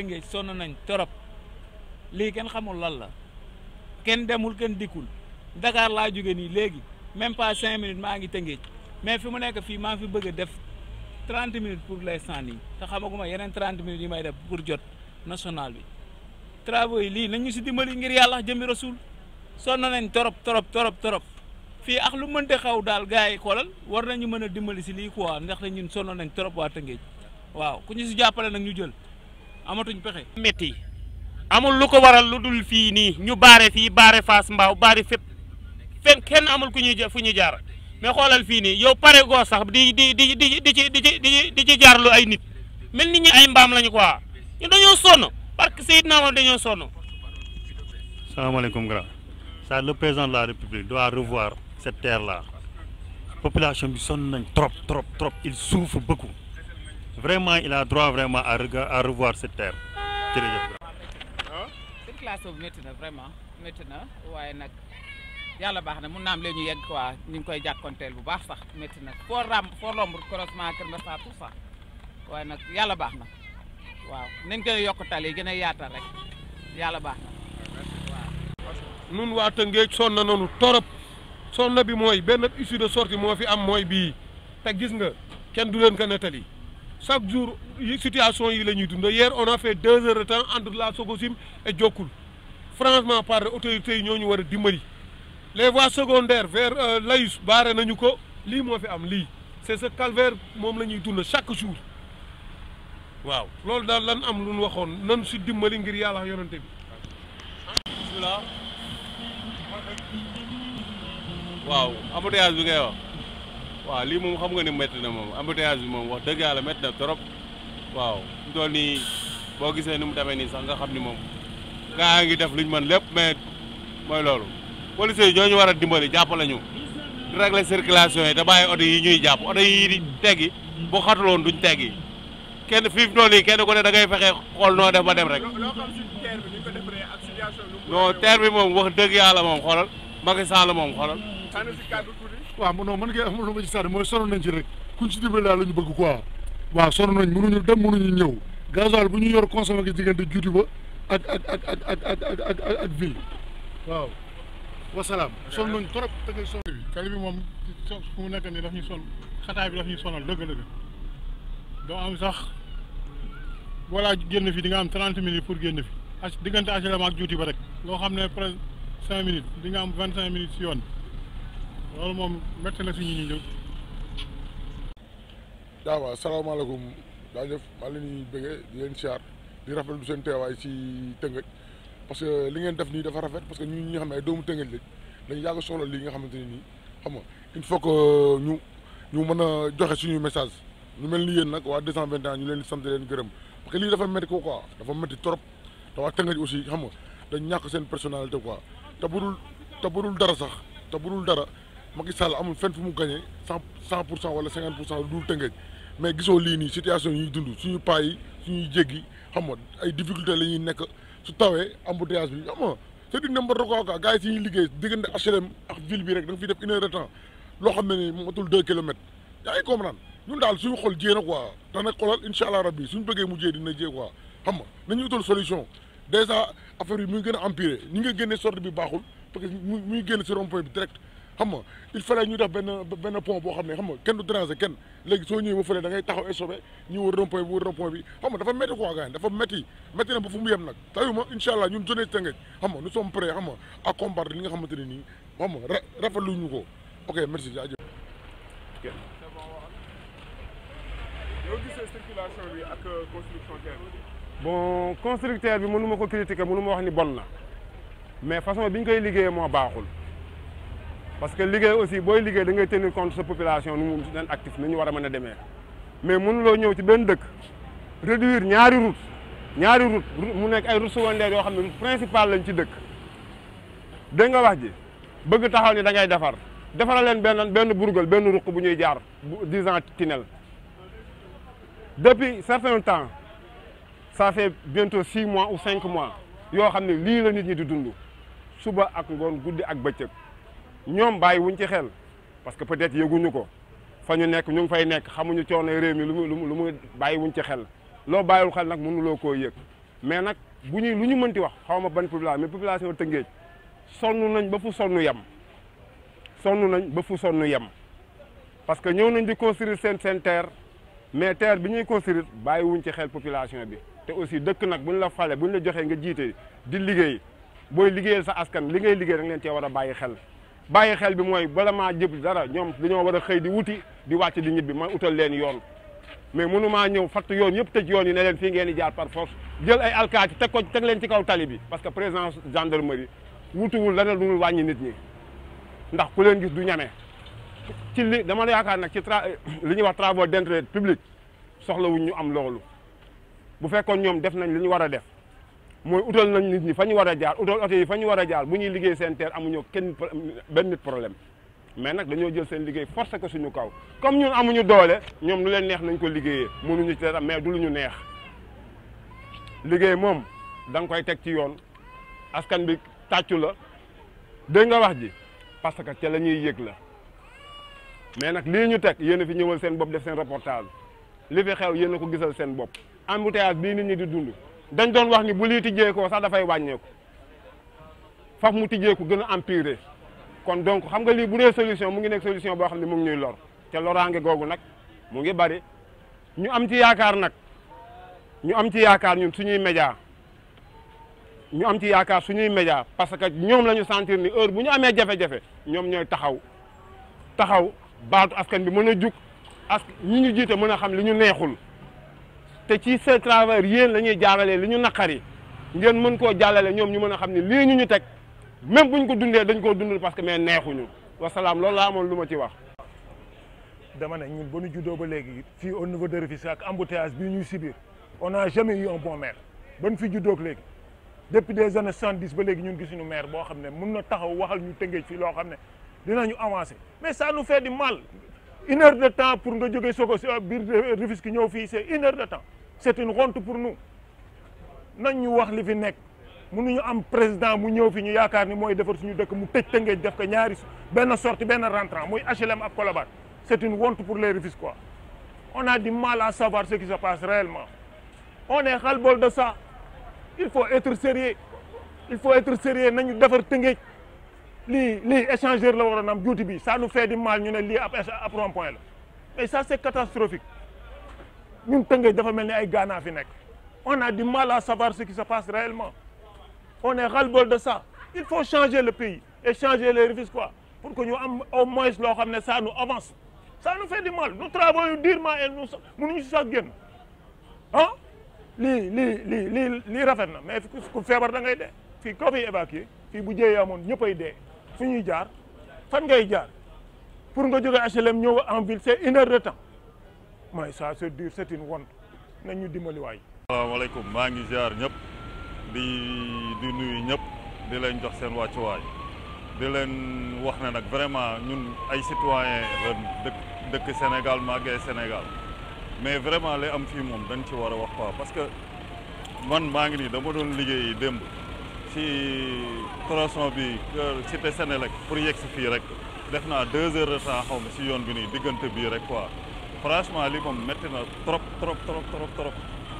Tëngéej sonn nañ torop lii kenn xamul lan la kenn demul kenn dikkul dakaar laa jóge nii léegi même pas cinq minutes maa ngi Tëngéej mais fi mu nekk fii maa ngi fi bëgg a def trente minutes pour l'instant nii te xamaguma yeneen trente minutes yi may def pour jot national bi travaux yi lii nañu si dimbali ngir yàlla jëmmi rasul sonn nañ torop torop torop torop fii ak lu mënte xaw daal gars yi xoolal war nañu mën a dimbali si lii quoi ndax ñun sonn nañ torop waa Tëngéej amatuñ pexe. métti amul lu ko waral lu dul fii nii ñu baare fii baare Fass Mbaaw baare fépp fenn kenn amul ku ñuy fu ñuy jaar mais xoolal fii nii yow pare goo sax di di di di di ci di ci di ci jaarlu ay nit mel nit ñi ay mbaam lañu quoi ñu dañoo sonn parce que Seydina moom dañoo sonn. salaamaaleykum grand ça le président de la république doit revoir cette terre là population bi sonn nañ trop trop trop il souffre beaucoup. vraiment il a droit vraiment à à revoir cette terre jërëjëf. circulation bi métti na vraiment métti na waaye nag yàlla baax na mun naa am lee ñu yegg quoi ñu ngi koy jàkkoonteel bu baax sax métti na foo ram foo romb croisement Kër Massar tout ça waaye nag yàlla baax na waaw nañ gën a yokk tali gën a yaatal rek yàlla baax na. nun waa Tëngéej sonn na noonu torop sonn bi mooy benn issue de sortie moo fi am mooy bii te gis nga kenn du leen ko nettali chaque jour situation yi la ñuy dund hier on a fait deux heures de temps entre la Sococim et Diokoul franchement par autorités yi ñoo ñu war a dimbali les voies secondaires vers euh, Layus baare nañu ko lii moo fi am lii c'est ce calvaire moom la ñuy dund chaque jour waaw loolu daal lan am lu waxoon nan si dimbali ngir yàlla yonante bi bismillah waaw embouteillage bi ngay wax waaw lii moom xam nga ni métti na moom embouteillage bi moom wax dëgg yàlla métti na trop waaw mu toll boo gisee ni mu demee nii sax nga xam ni moom gaa ngi def luñ mën lépp mais mooy loolu policiers yi ñooñu war a dimbali jàppale ñu di régler circulation yi te bàyyi oto yi ñuy jàpp oto yi di teggi bu xatuloon duñ teggi kenn fii noonu yi kenn ku ne fexe xool noo def ba dem rek non bi moom wax dëgg yàlla moom xoolal Macky Sall waaw non man kay amul lu ma ci sànni mooy sonn nañ ci rek kuñ ci dimbali daal la ñu bëgg quoi waaw sonn nañ mënuñu dem mënuñu ñëw gasoil bu ñu yor consommé ko diggante juuti ba ak ak ak ak ak ak ak ak ak ville trop te ngay sonn bi tali bi moom mu nekk nii daf ñu sonn xataay bi daf ñu sonal dëgg-dëgg doo am sax boolaa génn fi di nga am trente minutes pour génn fi diggante HLM ak juuti ba rek loo xam ne presque cinq minutes di nga am vingt cinq minutes si yoon loolu moom métti na si ñu ñëw. daaw waaw salaamaaleykum daa jëf maa ngi leen di bëggee di leen siyaar di rafetlu seen teewaay parce que li ngeen def nii dafa rafet parce que ñun ñi nga xam ne ay doomu Tëngëj lañ dañu yàgg soxla lii nga xamante ne nii xam nga faut que ñu ñu mën a joxe suñu message ñu mel ni yéen nag waa 221 ñu leen di sant leen gërëm parce que lii dafa métti ko quoi dafa métti trop te waa Tëngëj aussi xam nga dañ ñàkk seen personnalité quoi te budul te budul dara sax te budul dara. Macky Sall amul fenn fu mu gagné cent cent pour cent wala cinquante pour cent du tëngëj mais gisoo lii nii situation ñu ñuy dund suñu paa yi suñuy jéggi xam nga ay difficulté la nekk su tawee embouteillage bi xam nga c'est du n'importe quoi quoi gars yi suñuy liggéey diggante HLM ak ville bi rek da nga fiy def une heure de temps loo xam ne ni matul deux kilomètres yaa ngi comprendre ñun daal suñu xol jiyee na quoi dana xolal incha allah rabbi suñu bëggee mu jiyee dina jiyee quoi xam nga nañu utal solution déjà affaire bi mu ngi gën a empiré ñi nga génnee sorte bi baaxul parce que mu ngi génn si xam nga il fallait ñu def benn benn pont boo xam ne xam nga kenn du déranger kenn léegi soo ñëwee ba fële da ngay taxaw échauffé ñu wër rond-point nga dafa métti fu mu yem nag tayu ma incha allah ñun jeunesse Tëngéej xam nga nous sommes prêts xam nga à combattre li nga xamante ne nii xam nga rafetlu ñu ko ok merci jaajëf euh, bon constructeur bi mënu ma ko critiquer mënu ma wax ni bon na mais façon bi ñu koy liggéeyee moo baaxul parce que liggéey aussi booy liggéey da ngay tenir compte sa population nu mu leen actif nu ñu war a mën a demee mais mënuloo ñëw ci benn dëkk réduire ñaari route ñaari route mu nekk ay route secondaire yoo xam ne route principale lañ ci dëkk dégg nga wax ji bëgg taxaw ni da ngay defar defaral leen benn benn burgal benn ruq bu ñuy jaar dix ans tunnel depuis certain temps ça fait bientôt six mois ou cinq mois yoo xam ne lii la nit ñi di dund suba ak ngoon guddi ak bëccëg ñoom bàyyi wuñ ci xel parce que peut-être yëguñu ko fa ñu nekk ñu ngi fay nekk xamuñu coono réew mi lu mu lu mu lu mu bàyyi wuñ ci xel loo bàyyiwul xel nag mënuloo koo yëg mais nag bu ñuy lu ñu mënti wax xaw ma ban population mais population Tëngéej sonn nañ ba fu sonn yem sonn nañ ba fu sonn yem parce que ñëw nañ di construire seen seen terre mais terre bi ñuy construire bàyyiwuñ ci xel population bi te aussi dëkk nag buñ la fale buñ la joxee nga jiitee di liggéey booy liggéeyal sa askan li ngay liggéey da nga leen cee war a bàyyi xel bàyyi xel bi mooy bala maa jëb dara ñoom dañoo war a xëy di wuti di wàcc di ñibbi ma utal leen yoon mais mënumaa ñëw fatt yoon yëpp tëj yoon yi ne leen fii ngeen di jaar par jël ay alkaati teg ko teg leen ci kaw tali bi parce que présence gendarmerie wutuwul dana lu dul wàññi nit ñi ndax ku leen gis du ñame ci li dama yaakaar nag ci tra li ñuy wax travaux d'intérêt public soxlawuñ ñu am loolu bu fekkoon ñoom def nañ li ñu war a def mooy utal nañ nit ñi fa ñu war a jaar utal oto yi fa ñu war a jaar bu ñuy liggéey seen terre amuñu kenn benn nit problème mais nag dañoo jël seen liggéey forcé que suñu kaw comme ñun amuñu doole ñoom lu leen neex nañ ko liggéeyee mënuñu ci dara mais du lu ñu neex liggéey moom da nga koy teg ci yoon askan bi tàccu la dégg nga wax ji parce que ca la ñuy yëg la mais nag lii ñu teg yéen a fi ñëwal seen bopp def seen reportage li fi xew yéen a ko gisal seen bopp embouteillage bii nit ñi di dund dañ doon wax ni bu lii tijjeekoo sax dafay wàññeeku faf mu tijjeeku gën a empirer kon donc xam nga lii bu dee solution mu ngi nekk solution boo xam ne mu ngi ñuy lor te nag mu ngi bari ñu am ci yaakaar nag ñu am ci yaakaar ñun suñuy média ñu am ci yaakaar suñuy média parce que ñoom la ñu sentir ni heure bu ñu amee jafe-jafe ñoom ñooy taxaw taxaw baatu askan bi mën a jug as ñu ñu jiite mën a xam li ñu neexul te ci ce travail yéen la ñuy jaaralee li ñu naqari ngeen mën koo jàllale ñoom ñu mën a xam ne lii ñu ñu teg même buñ ko dundee dañ koo dundal parce que mais neexuñu wasalaam loolu laa amoon lu ma ci wax. dama ne ñun ba ñu juddoo ba léegi fii au niveau de Rufisque ak embouteillage bii ñuy subir on n'a jamais eu un bon maire ba ñu fi juddoog léegi depuis des années soixante-dix ba léegi ñun gisuñu maire boo xam ne mun na taxaw waxal ñu tëngeej fii loo xam ne dinañu avancer mais ça nous fait mal une heure pour nga jógee soko biir Rufisque ñëw fii c'est une heure de temps. c'est une honte pour nous nañ ñu wax li fi nekk mënuñu am président mu ñëw fi ñu yaakaar ni mooy defar suñu dëkk mu tëj tëngéej def ko ñaari benn sortie benn rentrant muy HLM ak Colobane c'est une honte pour les Rufisquois on a du mal à savoir ce qui se passe réellement on est ras-le-bol il faut être sérieux il faut être sérieux nañu defar tëngéej lii li échangeur la waroon am juuti bi ça nous fait du mal ñu ne lii ab ab rond-point la mais ça c'est catastrophique ñun Tëngéej dafa mel ni ay Ghana fi nekk on a du mal à savoir ce qui se passe réellement on est ras-le-bol de sa il faut changer le pays et changer les Rufisquois pour que ñu am au moins loo xam ne ça nous avance ça nous fait du mal nous travaillons durement et nous mënuñu si sax génn ah lii lii li lii lii rafet na mais ku feebar da ngay dee fii koo fiy évacué fii bu jëyee amoon pay dee fu ñuy jaar fan ngay jaar pour nga jóge HLM ñëw en ville c'est une heure temps mooy ça c'est dur c'est une honte nañ ñu dimbali waay. asalaamaaleykum maa ngi ziar ñëpp di di nuyu ñëpp di leen jox seen wàccuwaay di leen wax ne nag vraiment ñun ay citoyen la dëkk Sénégal màggee Sénégal mais vraiment li am fii moom dañ ci war a wax quoi parce que man maa ngi nii dama doon liggéey démb ci tronçon bi ci de sene Sénélec pour yegg si fii rek def naa deux heures de temps xaw ma si yoon bi nii diggante bii rek quoi. franchement lii moom métti na trop trop trop trop trop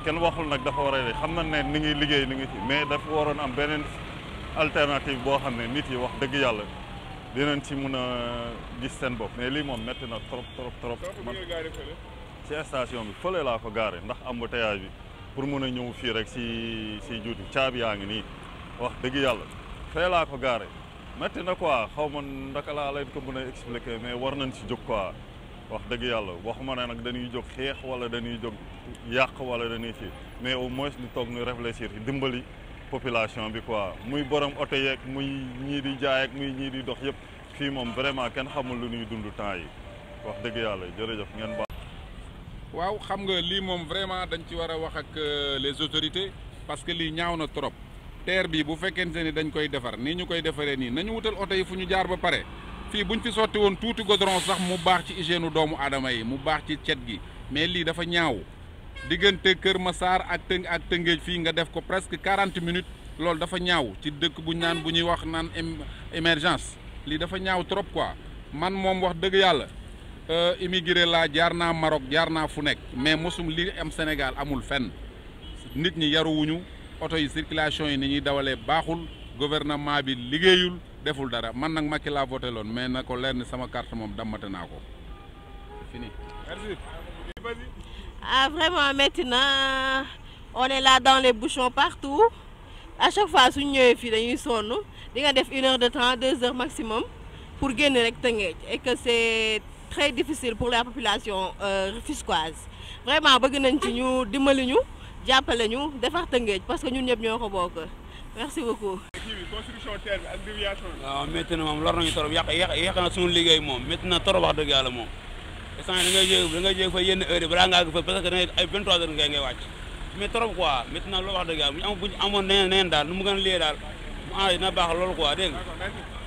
kenn waxul nag dafa war a de xam na ne ni ngi liggéey ni ngi ci mais dafa waroon am beneen alternative boo xam ne nit yi wax dëgg yàlla dinañ si mun a gis seen bopp mais lii moom métti na trop trop trop man ci station bi fële laa ko gaare ndax am embouteillage bi pour mun a ñëw fii rek si si juuti caabi yaa ngi nii wax dëgg yàlla fee laa ko gaare metti na quoi xaw ma naka laa leen ko mën a expliquer mais war nañ si jóg quoi wax dëgg yàlla waxuma ne nag dañuy jóg xeex wala dañuy jóg yàq wala dañuy ci mais au moins ñu toog ñu réfléchir dimbali population bi quoi muy borom oto yeeg muy ñii di jaay ak muy ñii di dox yëpp fii moom vraiment kenn xamul lu ñuy dund temps yi wax dëgg yàlla jërëjëf ngeen baax. waaw xam nga lii moom vraiment dañ ci war a wax ak euh, les autorités parce que lii ñaaw na trop terre bii bu fekkente ni dañ koy defar nii ñu koy defaree nii nañu wutal oto yi fu ñu jaar ba pare. fii buñ fi sotti woon tuuti goudron sax mu baax ci hygiène doomu aadama yi mu baax ci cet gi mais lii dafa ñaaw diggante Kër masaar ak Tëng ak Tëngéej fii nga def ko presque quarante minutes loolu dafa ñaaw ci dëkk bu ñu naan bu ñuy wax naan émergence lii dafa ñaaw trop quoi man moom wax dëgg yàlla euh, immigré laa jaar naa Maroc jaar naa fu nekk mais mosum lii am Sénégal amul fenn nit ñi yaruwuñu oto yi circulation yi ni ñuy dawalee baaxul gouvernement bi liggéeyul. deful dara man nag Macky laa voté loon mais na ko leer ni sama carte moom dammate naa ko ah, vraiment métti na on la là dans les bouchons partout à chaque fois suñu ñëwee fii dañuy sonn di nga def une heure de temps deux heures maximum pour génn rek Tëngéej et que c' est très difficile pour la population euh, vraiment bëgg nañ ci ñu dimbali ñu jàppale ñu defar Tëngéej parce que ñun ñëpp ñoo ko bokk merci beaucoup. construction terre bi ak déviation bi. waaw métti na moom lor nañu trop yàq yàq yàq na suñu liggéey moom métti na trop wax dëgg yàlla moom. instant da ngay jéeg da ngay fa yenn heure yi balaa ngaa fa parce que da ngay ay 23 heures ngay ngay wàcc mais trop quoi na loolu wax dëgg yàlla bu ñu am bu daal nu mu gën a liyee daal mu ah dina baax loolu quoi dégg